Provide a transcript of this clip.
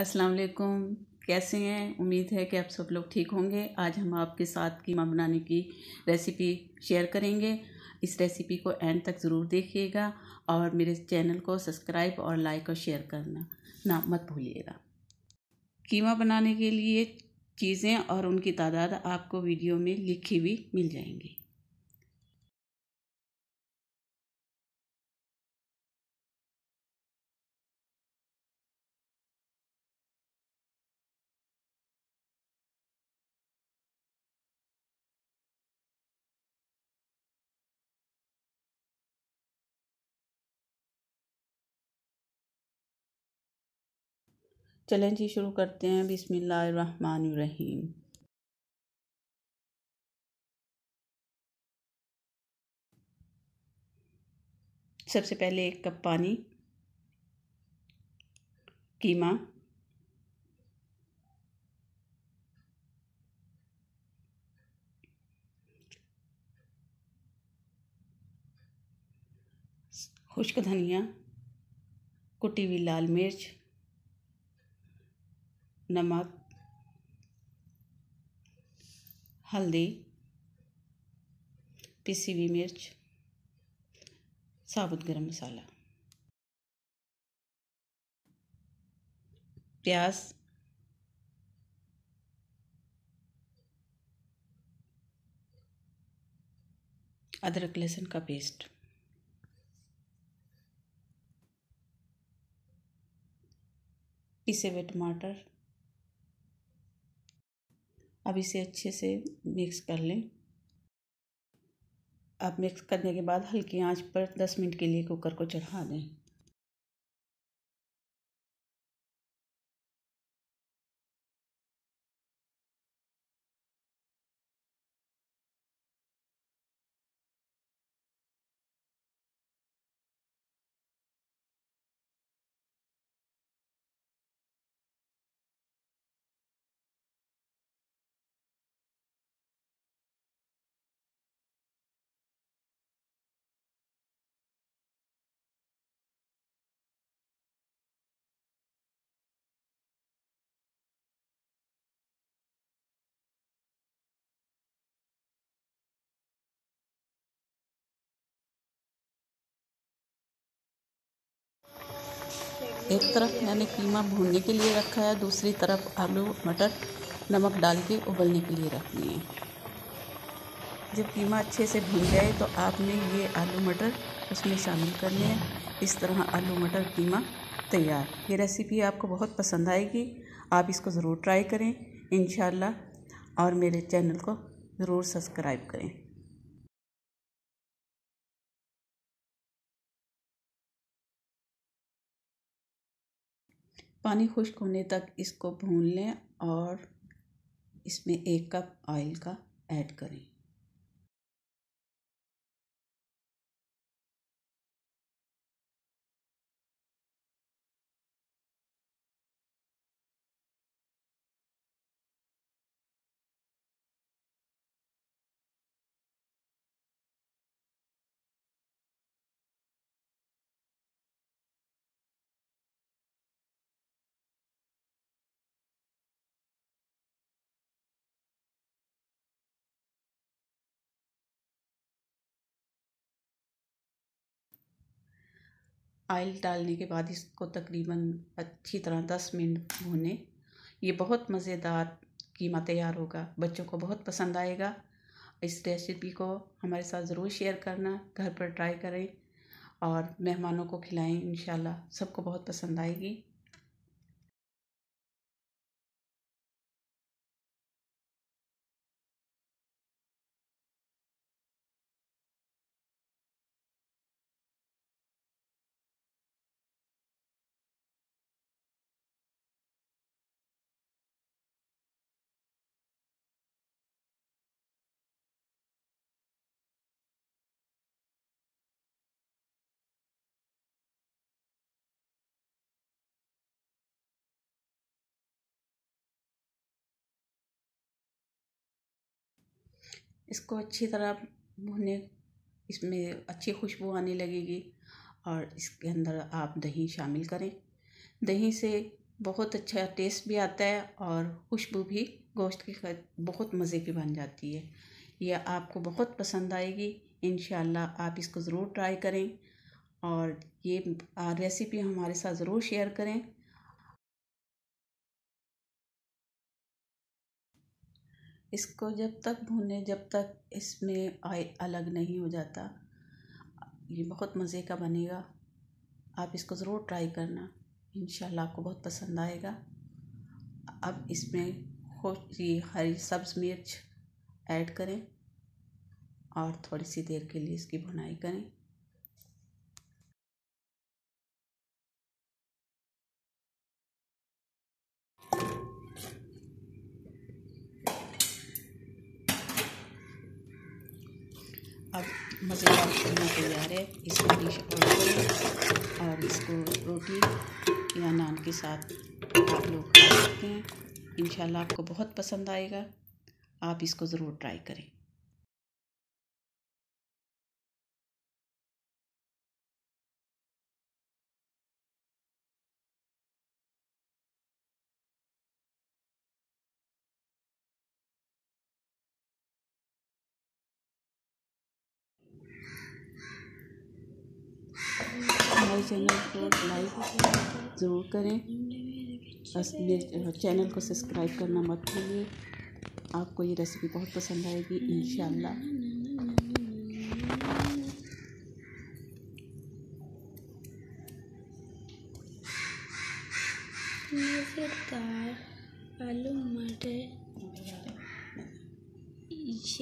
अस्सलाम वालेकुम कैसे हैं उम्मीद है कि आप सब लोग ठीक होंगे आज हम आपके साथ कीमा बनाने की रेसिपी शेयर करेंगे इस रेसिपी को एंड तक ज़रूर देखिएगा और मेरे चैनल को सब्सक्राइब और लाइक और शेयर करना ना मत भूलिएगा कीमा बनाने के लिए चीज़ें और उनकी तादाद आपको वीडियो में लिखी हुई मिल जाएंगी चलें जी शुरू करते हैं बिसमीम सबसे पहले एक कप पानी कीमा खुश्क धनिया कुटी हुई लाल मिर्च नमक हल्दी पीसी हुई मिर्च साबुत गरम मसाला प्याज अदरक लहसुन का पेस्ट पिसे हुए टमाटर अब इसे अच्छे से मिक्स कर लें अब मिक्स करने के बाद हल्की आंच पर 10 मिनट के लिए कुकर को चढ़ा दें एक तरफ मैंने कीमा भूनने के लिए रखा है दूसरी तरफ आलू मटर नमक डाल के उबलने के लिए रख दिए जब कीमा अच्छे से भून जाए तो आपने ये आलू मटर उसमें शामिल करने हैं इस तरह आलू मटर कीमा तैयार ये रेसिपी आपको बहुत पसंद आएगी आप इसको ज़रूर ट्राई करें इन और मेरे चैनल को ज़रूर सब्सक्राइब करें पानी खुश्क होने तक इसको भून लें और इसमें एक कप ऑयल का ऐड करें ऑयल डालने के बाद इसको तकरीबन अच्छी तरह दस मिनट भूने ये बहुत मज़ेदार कीमा तैयार होगा बच्चों को बहुत पसंद आएगा इस रेसिपी को हमारे साथ ज़रूर शेयर करना घर पर ट्राई करें और मेहमानों को खिलाएं इन सबको बहुत पसंद आएगी इसको अच्छी तरह भुने इसमें अच्छी खुशबू आने लगेगी और इसके अंदर आप दही शामिल करें दही से बहुत अच्छा टेस्ट भी आता है और खुशबू भी गोश्त की बहुत मज़े की बन जाती है यह आपको बहुत पसंद आएगी इन आप इसको ज़रूर ट्राई करें और ये रेसिपी हमारे साथ ज़रूर शेयर करें इसको जब तक भूने जब तक इसमें ऑयल अलग नहीं हो जाता ये बहुत मज़े का बनेगा आप इसको ज़रूर ट्राई करना इन आपको बहुत पसंद आएगा अब इसमें ये हरी सब्ज़ मिर्च ऐड करें और थोड़ी सी देर के लिए इसकी भुनाई करें अब मज़ेदार खाना तैयार है इसको डिश और और इसको रोटी या नान के साथ आप लोग खा सकते हैं इन आपको बहुत पसंद आएगा आप इसको ज़रूर ट्राई करें हमारे चैनल को लाइक ज़रूर करें चैनल को सब्सक्राइब करना मत भूलिए आपको ये रेसिपी बहुत पसंद आएगी इन आलू मटर